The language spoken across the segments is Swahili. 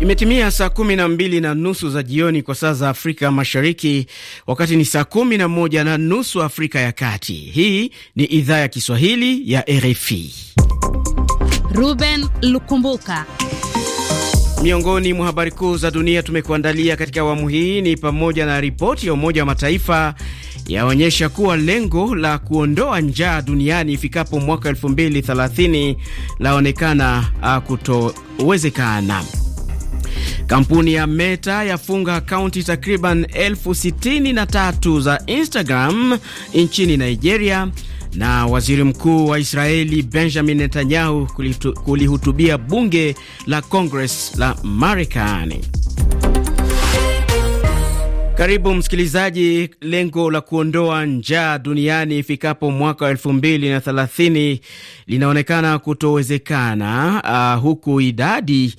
Imetimia saa kumi na mbili na nusu za jioni kwa saa za Afrika Mashariki, wakati ni saa kumi na moja na nusu Afrika ya Kati. Hii ni idhaa ya Kiswahili ya RFI. Ruben Lukumbuka. Miongoni mwa habari kuu za dunia tumekuandalia katika awamu hii ni pamoja na ripoti ya Umoja wa Mataifa yaonyesha kuwa lengo la kuondoa njaa duniani ifikapo mwaka 2030 laonekana ah, kutowezekana. Kampuni ya Meta yafunga akaunti takriban elfu sitini na tatu za Instagram nchini Nigeria na waziri mkuu wa Israeli Benjamin Netanyahu kulihutubia bunge la Congress la Marekani. Karibu msikilizaji. Lengo la kuondoa njaa duniani ifikapo mwaka wa elfu mbili na thelathini linaonekana kutowezekana, uh, huku idadi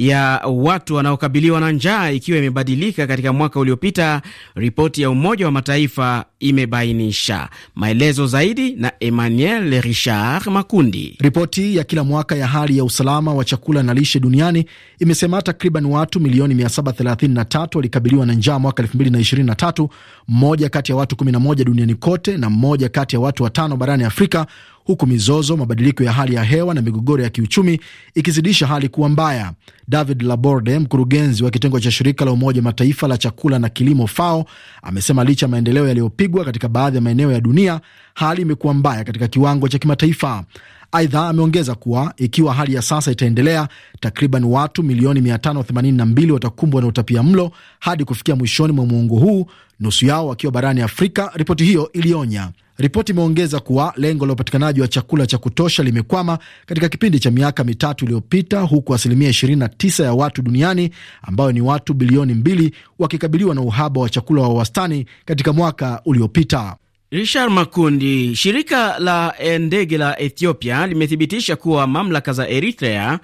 ya watu wanaokabiliwa na njaa ikiwa imebadilika katika mwaka uliopita, ripoti ya Umoja wa Mataifa imebainisha. Maelezo zaidi na Emmanuel Richard Makundi. Ripoti ya kila mwaka ya hali ya usalama wa chakula na lishe duniani imesema takriban watu milioni 733 walikabiliwa na njaa mwaka 2023, mmoja kati ya watu 11 duniani kote na mmoja kati ya watu watano barani Afrika huku mizozo, mabadiliko ya hali ya hewa na migogoro ya kiuchumi ikizidisha hali kuwa mbaya. David Laborde, mkurugenzi wa kitengo cha shirika la Umoja Mataifa la chakula na kilimo FAO, amesema licha ya maendeleo yaliyopigwa katika baadhi ya maeneo ya dunia, hali imekuwa mbaya katika kiwango cha kimataifa. Aidha, ameongeza kuwa ikiwa hali ya sasa itaendelea, takriban watu milioni 582 watakumbwa na utapia mlo hadi kufikia mwishoni mwa muongo huu nusu yao wakiwa barani Afrika, ripoti hiyo ilionya. Ripoti imeongeza kuwa lengo la upatikanaji wa chakula cha kutosha limekwama katika kipindi cha miaka mitatu iliyopita, huku asilimia 29 ya watu duniani ambayo ni watu bilioni mbili wakikabiliwa na uhaba wa chakula wa wastani katika mwaka uliopita. Richard Makundi. Shirika la ndege la Ethiopia limethibitisha kuwa mamlaka za Eritrea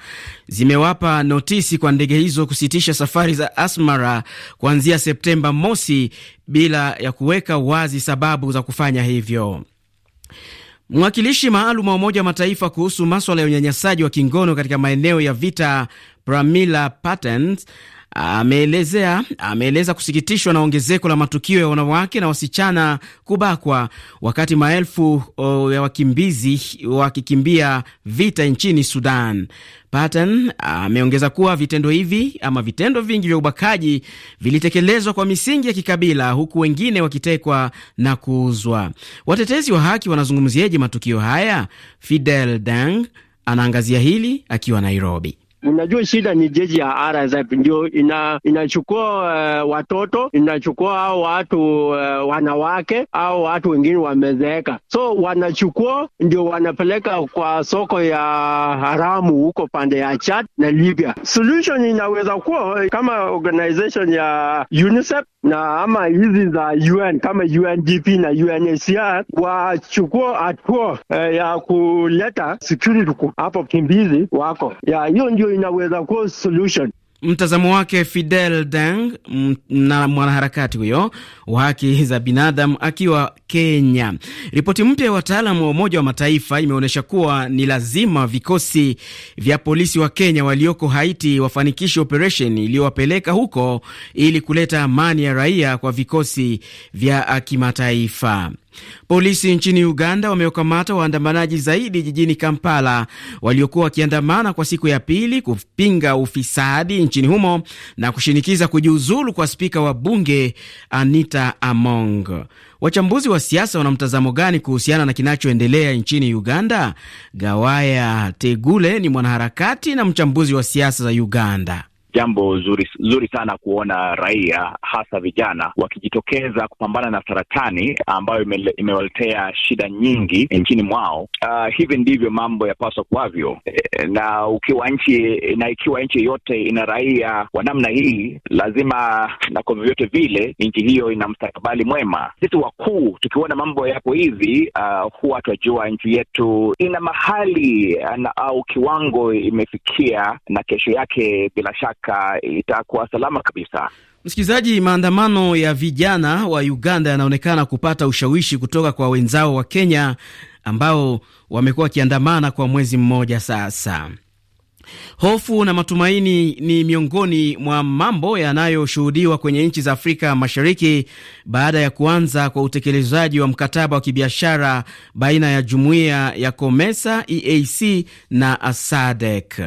zimewapa notisi kwa ndege hizo kusitisha safari za Asmara kuanzia Septemba mosi bila ya kuweka wazi sababu za kufanya hivyo. Mwakilishi maalum wa Umoja wa Mataifa kuhusu maswala ya unyanyasaji wa kingono katika maeneo ya vita Pramila Patens ameelezea ameeleza kusikitishwa na ongezeko la matukio ya wanawake na wasichana kubakwa wakati maelfu o, oh, ya wakimbizi wakikimbia vita nchini Sudan. Patton ameongeza kuwa vitendo hivi ama vitendo vingi vya ubakaji vilitekelezwa kwa misingi ya kikabila, huku wengine wakitekwa na kuuzwa. Watetezi wa haki wanazungumziaje matukio haya? Fidel Dang anaangazia hili akiwa Nairobi. Unajua shida ni jeji ya RSF ndio ina, inachukua uh, watoto inachukua au watu uh, wanawake au watu wengine wamezeeka, so wanachukua ndio wanapeleka kwa soko ya haramu huko pande ya Chad na Libya. Solution inaweza kuwa eh, kama organization ya UNICEF na ama hizi za UN kama UNDP na UNHCR wachukua hatua uh, ya kuleta security hapo kimbizi wako ya hiyo ndio inaweza kuwa solution. Mtazamo wake Fidel Deng, na mwanaharakati huyo wa haki za binadamu akiwa Kenya. Ripoti mpya ya wataalam wa Umoja wa Mataifa imeonyesha kuwa ni lazima vikosi vya polisi wa Kenya walioko Haiti wafanikishe operesheni iliyowapeleka huko ili kuleta amani ya raia kwa vikosi vya kimataifa. Polisi nchini Uganda wamewakamata waandamanaji zaidi jijini Kampala waliokuwa wakiandamana kwa siku ya pili kupinga ufisadi nchini humo na kushinikiza kujiuzulu kwa spika wa bunge Anita Among. Wachambuzi wa siasa wana mtazamo gani kuhusiana na kinachoendelea nchini Uganda? Gawaya Tegule ni mwanaharakati na mchambuzi wa siasa za Uganda jambo zuri, zuri sana kuona raia hasa vijana wakijitokeza kupambana na saratani ambayo ime, imewaletea shida nyingi nchini mwao. Uh, hivi ndivyo mambo yapaswa kuwavyo, eh, na ukiwa nchi na ikiwa nchi yote ina raia wa namna hii, lazima na kwa vyovyote vile nchi hiyo ina mstakabali mwema. Sisi wakuu tukiona mambo yapo hivi, uh, huwa twajua nchi yetu ina mahali ah, na, au kiwango imefikia, na kesho yake bila shaka haraka itakuwa salama kabisa. Msikilizaji, maandamano ya vijana wa Uganda yanaonekana kupata ushawishi kutoka kwa wenzao wa Kenya ambao wamekuwa wakiandamana kwa mwezi mmoja sasa. Hofu na matumaini ni miongoni mwa mambo yanayoshuhudiwa kwenye nchi za Afrika Mashariki baada ya kuanza kwa utekelezaji wa mkataba wa kibiashara baina ya jumuiya ya COMESA, e EAC na ASADEC.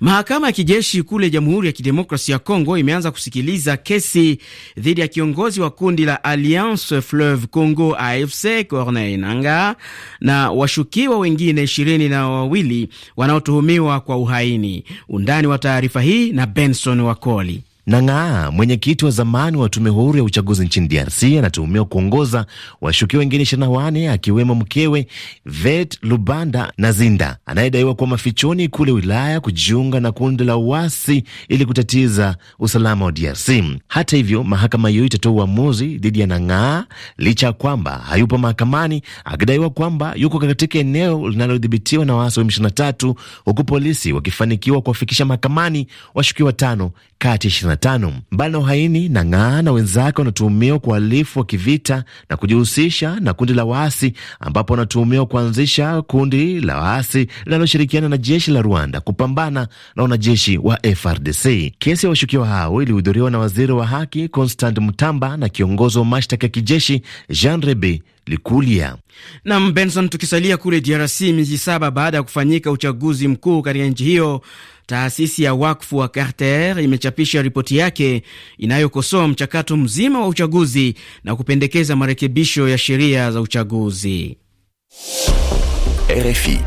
Mahakama ya kijeshi kule Jamhuri ya Kidemokrasi ya congo imeanza kusikiliza kesi dhidi ya kiongozi wa kundi la Alliance Fleuve Congo AFC Corneille Nangaa na washukiwa wengine ishirini na wawili wanaotuhumiwa kwa uhaini. Undani wa taarifa hii na Benson Wakoli. Nangaa, mwenyekiti wa zamani wa tume huru ya uchaguzi nchini DRC, anatuhumiwa kuongoza washukiwa wengine ishirini na wane akiwemo mkewe Vet Lubanda na Zinda anayedaiwa kuwa mafichoni kule wilaya kujiunga na kundi la uasi ili kutatiza usalama wa DRC. Hata hivyo, mahakama hiyo itatoa uamuzi dhidi ya Nangaa licha ya kwamba hayupo mahakamani akidaiwa kwamba yuko katika eneo linalodhibitiwa na waasi wa M23 huku polisi wakifanikiwa kuwafikisha mahakamani washukiwa tano kati ya 2015. Mbali na uhaini na ng'aa na wenzake wanatuhumiwa kwa uhalifu wa kivita na kujihusisha na kundi la waasi, ambapo wanatuhumiwa kuanzisha kundi la waasi linaloshirikiana na jeshi la Rwanda kupambana na wanajeshi wa FRDC. Kesi ya washukiwa hao ilihudhuriwa na waziri wa haki Constant Mutamba na kiongozi wa mashtaka ya kijeshi Jean Rebe Likulia. Nam Benson, tukisalia kule DRC, miezi saba baada ya kufanyika uchaguzi mkuu katika nchi hiyo Taasisi ya wakfu wa Carter imechapisha ripoti yake inayokosoa mchakato mzima wa uchaguzi na kupendekeza marekebisho ya sheria za uchaguzi. RFI.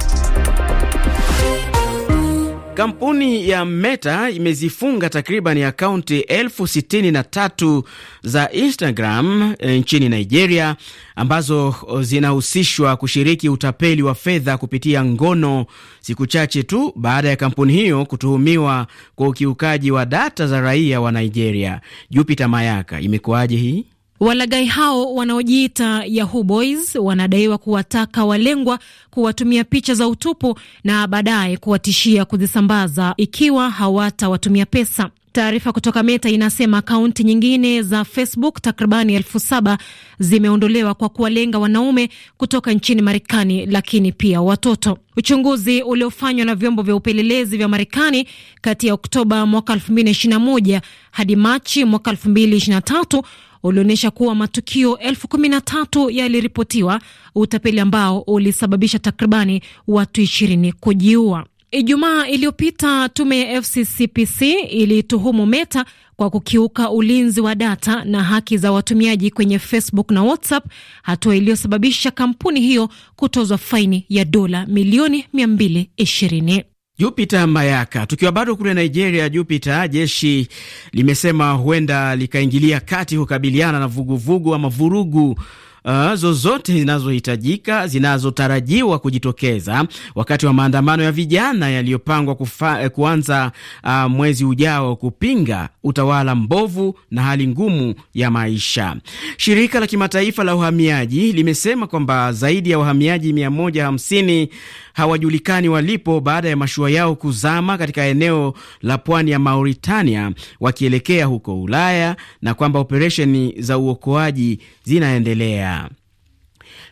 Kampuni ya Meta imezifunga takriban akaunti elfu sitini na tatu za Instagram eh, nchini Nigeria ambazo zinahusishwa kushiriki utapeli wa fedha kupitia ngono, siku chache tu baada ya kampuni hiyo kutuhumiwa kwa ukiukaji wa data za raia wa Nigeria. jupita Mayaka, imekuwaje hii? walagai hao wanaojiita Yahoo Boys wanadaiwa kuwataka walengwa kuwatumia picha za utupu na baadaye kuwatishia kuzisambaza ikiwa hawatawatumia pesa. Taarifa kutoka Meta inasema akaunti nyingine za Facebook takribani elfu saba zimeondolewa kwa kuwalenga wanaume kutoka nchini Marekani, lakini pia watoto. Uchunguzi uliofanywa na vyombo vya upelelezi vya Marekani kati ya Oktoba mwaka 2021 hadi Machi mwaka 2023 ulionyesha kuwa matukio elfu kumi na tatu yaliripotiwa, utapeli ambao ulisababisha takribani watu ishirini kujiua. Ijumaa iliyopita tume ya FCCPC ilituhumu Meta kwa kukiuka ulinzi wa data na haki za watumiaji kwenye Facebook na WhatsApp, hatua iliyosababisha kampuni hiyo kutozwa faini ya dola milioni 220 jupita Mayaka. Tukiwa bado kule Nigeria, Jupita, jeshi limesema huenda likaingilia kati kukabiliana na vuguvugu ama vurugu uh, zozote zinazohitajika zinazotarajiwa kujitokeza wakati wa maandamano ya vijana yaliyopangwa eh, kuanza uh, mwezi ujao kupinga utawala mbovu na hali ngumu ya maisha. Shirika la kimataifa la uhamiaji limesema kwamba zaidi ya wahamiaji 150 hawajulikani walipo baada ya mashua yao kuzama katika eneo la pwani ya Mauritania wakielekea huko Ulaya na kwamba operesheni za uokoaji zinaendelea.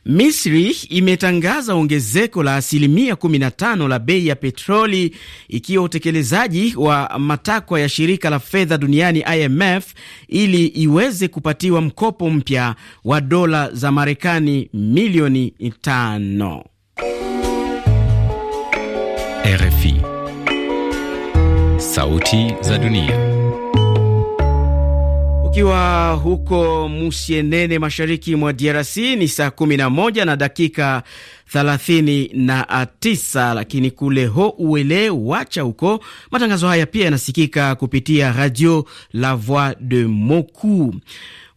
Misri imetangaza ongezeko la asilimia 15 la bei ya petroli ikiwa utekelezaji wa matakwa ya shirika la fedha duniani IMF ili iweze kupatiwa mkopo mpya wa dola za Marekani milioni 5. RFI Sauti za Dunia. Ukiwa huko Musienene, mashariki mwa DRC ni saa 11 na dakika tisa lakini kule ho uele wacha huko, matangazo haya pia yanasikika kupitia Radio La Voix de Moku.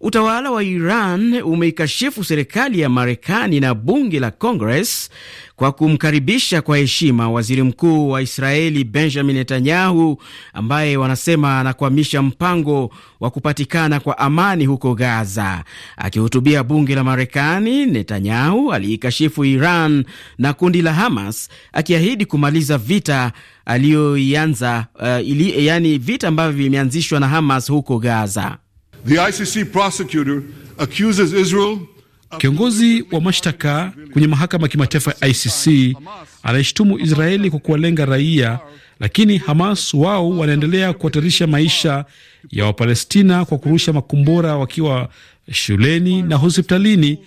Utawala wa Iran umeikashifu serikali ya Marekani na bunge la Congress kwa kumkaribisha kwa heshima waziri mkuu wa Israeli Benjamin Netanyahu, ambaye wanasema anakwamisha mpango wa kupatikana kwa amani huko Gaza. Akihutubia bunge la Marekani, Netanyahu aliikashifu Iran na kundi la Hamas, akiahidi kumaliza vita aliyoianza, uh, yani vita ambavyo vimeanzishwa na Hamas huko Gaza. The ICC prosecutor accuses Israel. Kiongozi wa mashtaka kwenye mahakama ya kimataifa ya ICC anaishtumu Israeli kwa kuwalenga raia, lakini Hamas wao wanaendelea kuhatarisha maisha ya Wapalestina kwa kurusha makombora wakiwa shuleni na hospitalini.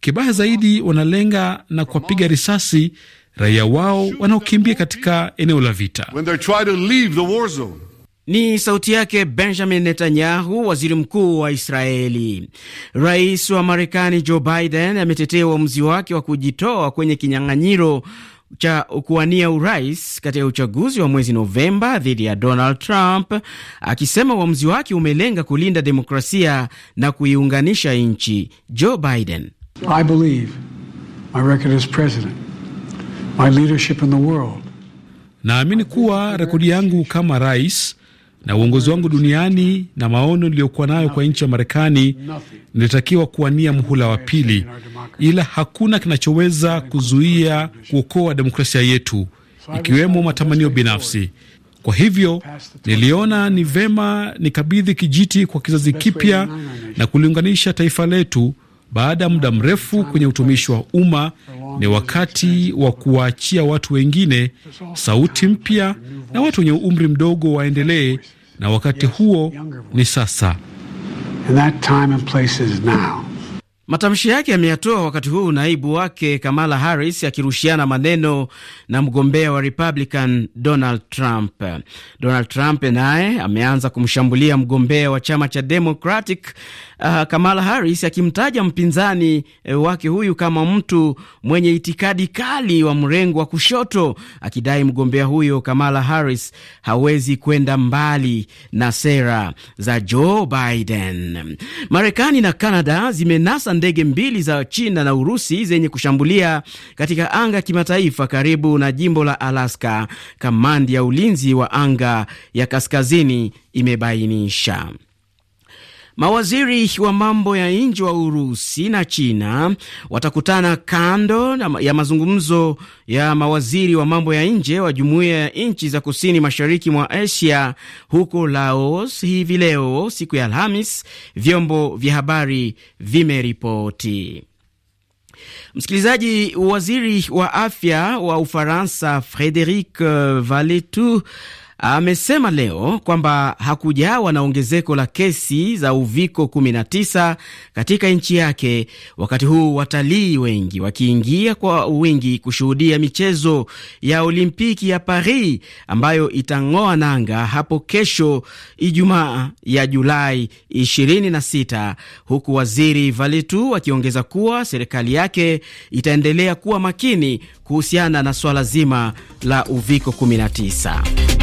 Kibaya zaidi, wanalenga na kuwapiga risasi raia wao wanaokimbia katika eneo la vita. When ni sauti yake Benjamin Netanyahu, waziri mkuu wa Israeli. Rais wa Marekani Joe Biden ametetea uamuzi wake wa kujitoa kwenye kinyang'anyiro cha kuwania urais katika uchaguzi wa mwezi Novemba dhidi ya Donald Trump, akisema uamuzi wake umelenga kulinda demokrasia na kuiunganisha nchi. Joe Biden: I believe my record as president, my leadership in the world Naamini kuwa rekodi yangu kama rais, na uongozi wangu duniani na maono niliyokuwa nayo kwa nchi ya Marekani, nilitakiwa kuwania mhula wa pili, ila hakuna kinachoweza kuzuia kuokoa demokrasia yetu, ikiwemo matamanio binafsi. Kwa hivyo niliona ni vema nikabidhi kijiti kwa kizazi kipya na kuliunganisha taifa letu baada ya muda mrefu kwenye utumishi wa umma, ni wakati wa kuwaachia watu wengine sauti mpya na watu wenye umri mdogo waendelee, na wakati huo ni sasa. Matamshi yake ameyatoa wakati huu naibu wake Kamala Harris akirushiana maneno na mgombea wa Republican Donald Trump. Donald Trump naye ameanza kumshambulia mgombea wa chama cha Democratic uh, Kamala Harris akimtaja mpinzani uh, wake huyu kama mtu mwenye itikadi kali wa mrengo wa kushoto, akidai mgombea huyo Kamala Harris hawezi kwenda mbali na sera za Joe Biden. Marekani na canada zimenasa ndege mbili za China na Urusi zenye kushambulia katika anga ya kimataifa karibu na jimbo la Alaska, kamandi ya ulinzi wa anga ya kaskazini imebainisha. Mawaziri wa mambo ya nje wa Urusi na China watakutana kando ya mazungumzo ya mawaziri wa mambo ya nje wa jumuiya ya nchi za kusini mashariki mwa Asia huko Laos hivi leo, siku ya Alhamis, vyombo vya habari vimeripoti. Msikilizaji, waziri wa afya wa Ufaransa Frederic Valetu amesema leo kwamba hakujawa na ongezeko la kesi za uviko 19 katika nchi yake, wakati huu watalii wengi wakiingia kwa wingi kushuhudia michezo ya Olimpiki ya Paris ambayo itang'oa nanga hapo kesho Ijumaa ya Julai 26, huku waziri Valetu akiongeza kuwa serikali yake itaendelea kuwa makini kuhusiana na swala zima la uviko 19.